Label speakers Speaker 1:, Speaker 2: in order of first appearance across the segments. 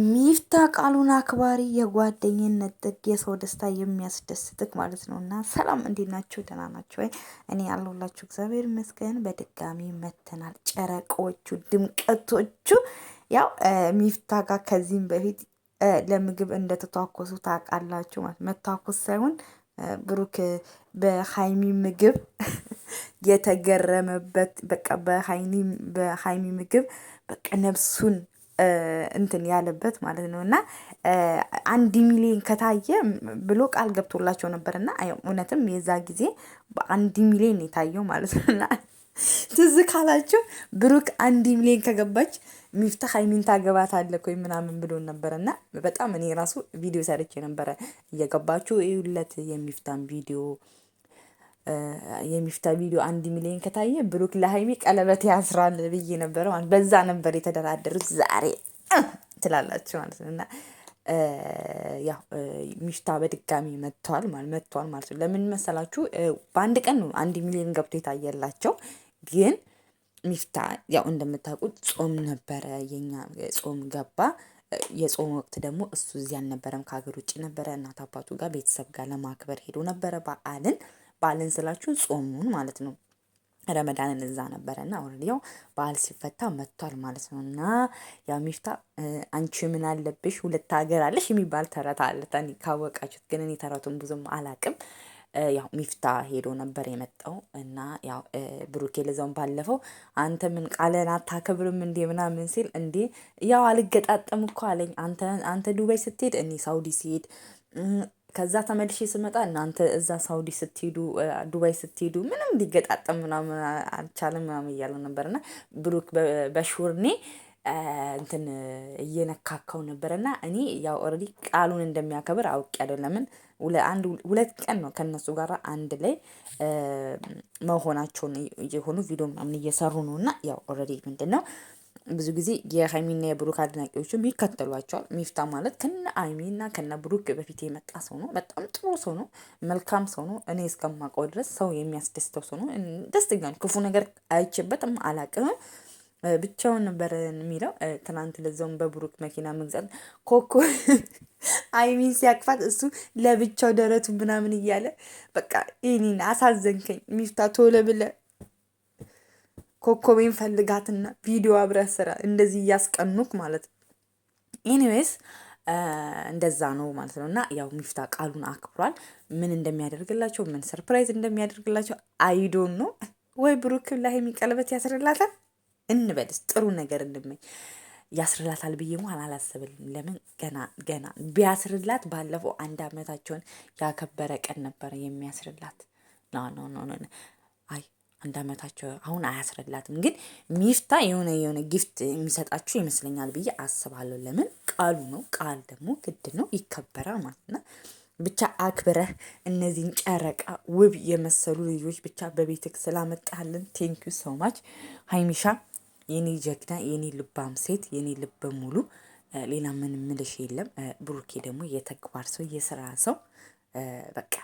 Speaker 1: ሚፍታ ቃሉን አክባሪ የጓደኝነት ጥግ የሰው ደስታ የሚያስደስትክ ማለት ነው። እና ሰላም እንዴት ናችሁ? ደህና ናችሁ ወይ? እኔ ያለሁላችሁ እግዚአብሔር ይመስገን። በድጋሚ መተናል። ጨረቆቹ ድምቀቶቹ ያው ሚፍታ ጋር ከዚህም በፊት ለምግብ እንደተተኳኩሱ ታውቃላችሁ። ማለት መታኮስ ሳይሆን ብሩክ በሀይሚ ምግብ የተገረመበት በቃ በሀይሚ ምግብ በቃ ነብሱን እንትን ያለበት ማለት ነው እና አንድ ሚሊዮን ከታየ ብሎ ቃል ገብቶላቸው ነበር እና እውነትም የዛ ጊዜ በአንድ ሚሊዮን የታየው ማለት ነው። ትዝ ካላችሁ ብሩክ አንድ ሚሊዮን ከገባች ሚፍታ ሀይሚን ታገባት አለ ኮይ ምናምን ብሎ ነበረ እና በጣም እኔ ራሱ ቪዲዮ ሰርቼ ነበረ እየገባችሁ ይሁለት የሚፍታን ቪዲዮ የሚፍታ ቪዲዮ አንድ ሚሊዮን ከታየ ብሩክ ለሀይሚ ቀለበት ያስራል ብዬ ነበረ። በዛ ነበር የተደራደሩት። ዛሬ ትላላችሁ ማለት ነው እና ያው ሚፍታ በድጋሚ መጥተዋል መጥተዋል ማለት ነው። ለምን መሰላችሁ? በአንድ ቀን ነው አንድ ሚሊዮን ገብቶ የታየላቸው። ግን ሚፍታ ያው እንደምታውቁት ጾም ነበረ፣ የኛ ጾም ገባ። የጾም ወቅት ደግሞ እሱ እዚህ አልነበረም፣ ከሀገር ውጭ ነበረ። እናት አባቱ ጋር ቤተሰብ ጋር ለማክበር ሄዶ ነበረ በዓልን በዓልን ስላችሁ ጾሙን ማለት ነው። ረመዳን እዛ ነበረ እና ኦልሬዲ ያው በዓል ሲፈታ መጥቷል ማለት ነው። እና ያው ሚፍታ አንቺ ምን አለብሽ ሁለት ሀገር አለሽ የሚባል ተረት አለ ካወቃችሁት፣ ግን እኔ ተረቱን ብዙም አላቅም። ያው ሚፍታ ሄዶ ነበር የመጣው እና ያው ብሩኬ ለዛውን ባለፈው አንተ ምን ቃለን አታከብርም እንዴ ምናምን ሲል እንዴ ያው አልገጣጠም እኮ አለኝ። አንተ ዱባይ ስትሄድ እኔ ሳውዲ ሲሄድ ከዛ ተመልሼ ስመጣ እናንተ እዛ ሳውዲ ስትሄዱ ዱባይ ስትሄዱ ምንም ሊገጣጠም ምናምን አልቻለም ምናምን እያለ ነበር እና ብሩክ በሹርኔ እንትን እየነካካው እና እኔ ያው ኦልሬዲ ቃሉን እንደሚያከብር አውቅ ለምን አንድ ሁለት ቀን ነው ከነሱ ጋር አንድ ላይ መሆናቸውን የሆኑ ቪዲዮ ምናምን እየሰሩ ነው እና ያው ኦልሬዲ ምንድን ነው ብዙ ጊዜ የሀይሚና የብሩክ አድናቂዎችም ይከተሏቸዋል። ሚፍታ ማለት ከነ እና ከነ ብሩክ በፊት የመጣ ሰው ነው። በጣም ጥሩ ሰው ነው። መልካም ሰው ነው። እኔ እስከማውቀው ድረስ ሰው የሚያስደስተው ሰው ነው። ደስተኛ ነው። ክፉ ነገር አይቼበትም አላቅም። ብቻውን ነበር የሚለው ትናንት ለዛውም በብሩክ መኪና መግዛት ኮኮ አይሚን ሲያቅፋት እሱ ለብቻው ደረቱ ምናምን እያለ በቃ ይህኒን አሳዘንከኝ ሚፍታ ቶሎ ብለህ ኮኮቤን ፈልጋትና ቪዲዮ አብረህ ስራ እንደዚህ እያስቀኑክ ማለት ነው። ኤኒዌይስ እንደዛ ነው ማለት ነው። እና ያው ሚፍታ ቃሉን አክብሯል። ምን እንደሚያደርግላቸው ምን ሰርፕራይዝ እንደሚያደርግላቸው አይዶን ነው ወይ ብሩክ ላ የሚቀለበት ያስርላታል እንበልስ ጥሩ ነገር እንመኝ ያስርላታል ብዬ እንኳን አላሰብልም። ለምን ገና ገና ቢያስርላት ባለፈው አንድ አመታቸውን ያከበረ ቀን ነበረ የሚያስርላት። ኖ ኖ ኖ አይ አንድ አመታቸው አሁን አያስረላትም፣ ግን ሚፍታ የሆነ የሆነ ጊፍት የሚሰጣችሁ ይመስለኛል ብዬ አስባለሁ። ለምን ቃሉ ነው። ቃል ደግሞ ግድ ነው ይከበራል ማለት ነው። ብቻ አክብረህ እነዚህን ጨረቃ ውብ የመሰሉ ልጆች ብቻ በቤትክ ስላመጣልን ቴንኪዩ ሶ ማች ሀይሚሻ፣ የኔ ጀግና፣ የኔ ልባም ሴት፣ የኔ ልበ ሙሉ። ሌላ ምን ምልሽ የለም። ብሩኬ ደግሞ የተግባር ሰው የስራ ሰው በቃ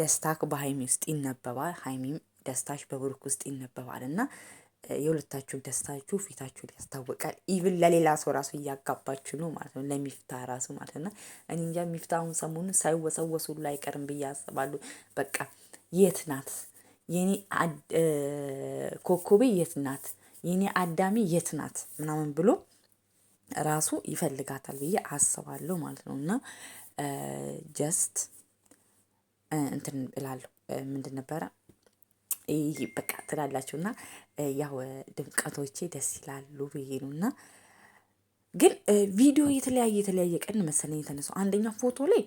Speaker 1: ደስታ በሀይሚ ውስጥ ይነበባል። ሀይሚም ደስታሽ በብሩክ ውስጥ ይነበባል እና የሁለታችሁም ደስታችሁ ፊታችሁ ያስታወቃል። ኢቭን ለሌላ ሰው ራሱ እያጋባችሁ ነው ማለት ነው፣ ለሚፍታ ራሱ ማለት ነው። እኔ እንጃ አሁን ሰሞኑን ሳይወሰወሱ አይቀርም ብዬ አስባለሁ። በቃ የት ናት የኔ ኮኮቤ የት ናት የኔ አዳሚ የት ናት ምናምን ብሎ ራሱ ይፈልጋታል ብዬ አስባለሁ ማለት ነው። እና ጀስት እንትን እላለሁ ምንድን ነበረ በቃ ትላላችሁ እና ያው ድምቀቶቼ ደስ ይላሉ ብዬ ነው እና ግን ቪዲዮ የተለያየ የተለያየ ቀን መሰለኝ የተነሳው። አንደኛ ፎቶ ላይ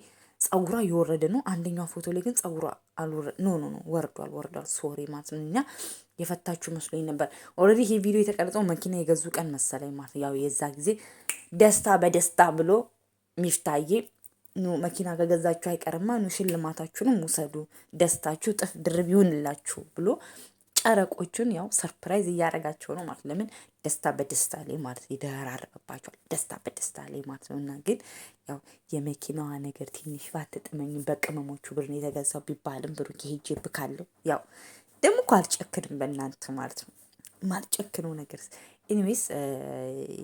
Speaker 1: ጸጉሯ የወረደ ነው። አንደኛ ፎቶ ላይ ግን ጸጉሯ አልወረደ። ኖ ኖ ኖ ወርዷል፣ ወርዷል። ሶሪ ማለት ነው። እኛ የፈታችሁ መስሎኝ ነበር። ኦልሬዲ ይሄ ቪዲዮ የተቀረጸው መኪና የገዙ ቀን መሰለኝ ማለት ያው የዛ ጊዜ ደስታ በደስታ ብሎ ሚፍታዬ ኑ መኪና ከገዛችሁ አይቀርማ ኑ ሽልማታችሁንም ውሰዱ፣ ደስታችሁ ጥፍ ድርብ ይሁንላችሁ ብሎ ጨረቆቹን ያው ሰርፕራይዝ እያደረጋቸው ነው ማለት ለምን ደስታ በደስታ ላይ ማለት ይደራረበባቸዋል። ደስታ በደስታ ላይ ማለት ነው። እና ግን ያው የመኪናዋ ነገር ትንሽ ባትጥመኝም በቅመሞቹ ብር ነው የተገዛው ቢባልም ብሩ ሄጄ ብካለው ያው ደግሞ እኮ አልጨክንም በእናንተ ማለት ነው። ማልጨክነው ነገር ኢኒዌይስ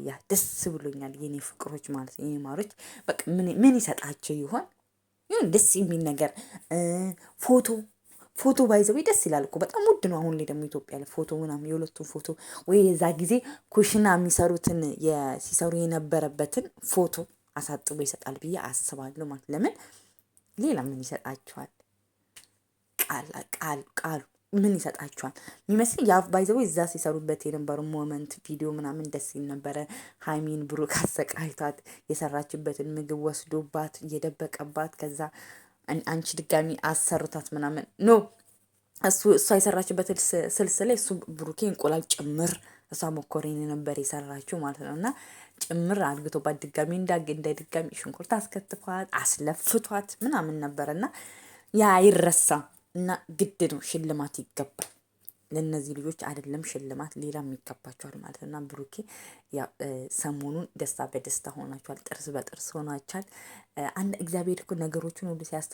Speaker 1: ያ ደስ ብሎኛል። የኔ ፍቅሮች ማለት የኔ ማሮች በቃ ምን ይሰጣቸው ይሆን ይሁን ደስ የሚል ነገር ፎቶ ፎቶ ባይዘው ደስ ይላል እኮ በጣም ውድ ነው። አሁን ላይ ደግሞ ኢትዮጵያ ላይ ፎቶ ምናምን የሁለቱን ፎቶ ወይ የዛ ጊዜ ኩሽና የሚሰሩትን ሲሰሩ የነበረበትን ፎቶ አሳጥቦ ይሰጣል ብዬ አስባለሁ። ማለት ለምን ሌላ ምን ይሰጣቸዋል? ቃል ቃል ቃሉ ምን ይሰጣቸዋል የሚመስል የአፍ ባይዘው እዛ ሲሰሩበት የነበሩ ሞመንት ቪዲዮ ምናምን ደስ ይል ነበረ። ሀይሚን ብሩክ አሰቃይቷት የሰራችበትን ምግብ ወስዶባት እየደበቀባት ከዛ አንቺ ድጋሚ አሰሩታት ምናምን ኖ እሱ እሷ የሰራችበት ስልስ ላይ እሱ ብሩኬ እንቁላል ጭምር እሷ መኮሬን ነበር የሰራችው ማለት ነው። እና ጭምር አድግቶባት ድጋሚ እንዳግ እንደ ድጋሚ ሽንኩርት አስከትፏት አስለፍቷት ምናምን ነበር እና ያ አይረሳም። እና ግድ ነው ሽልማት ይገባል። ለእነዚህ ልጆች አይደለም ሽልማት ሌላም ይገባቸዋል ማለት እና ብሩኬ ሰሞኑን ደስታ በደስታ ሆናቸዋል፣ ጥርስ በጥርስ ሆናቸዋል። አንድ እግዚአብሔር እኮ ነገሮችን ሁሉ ሲያስተ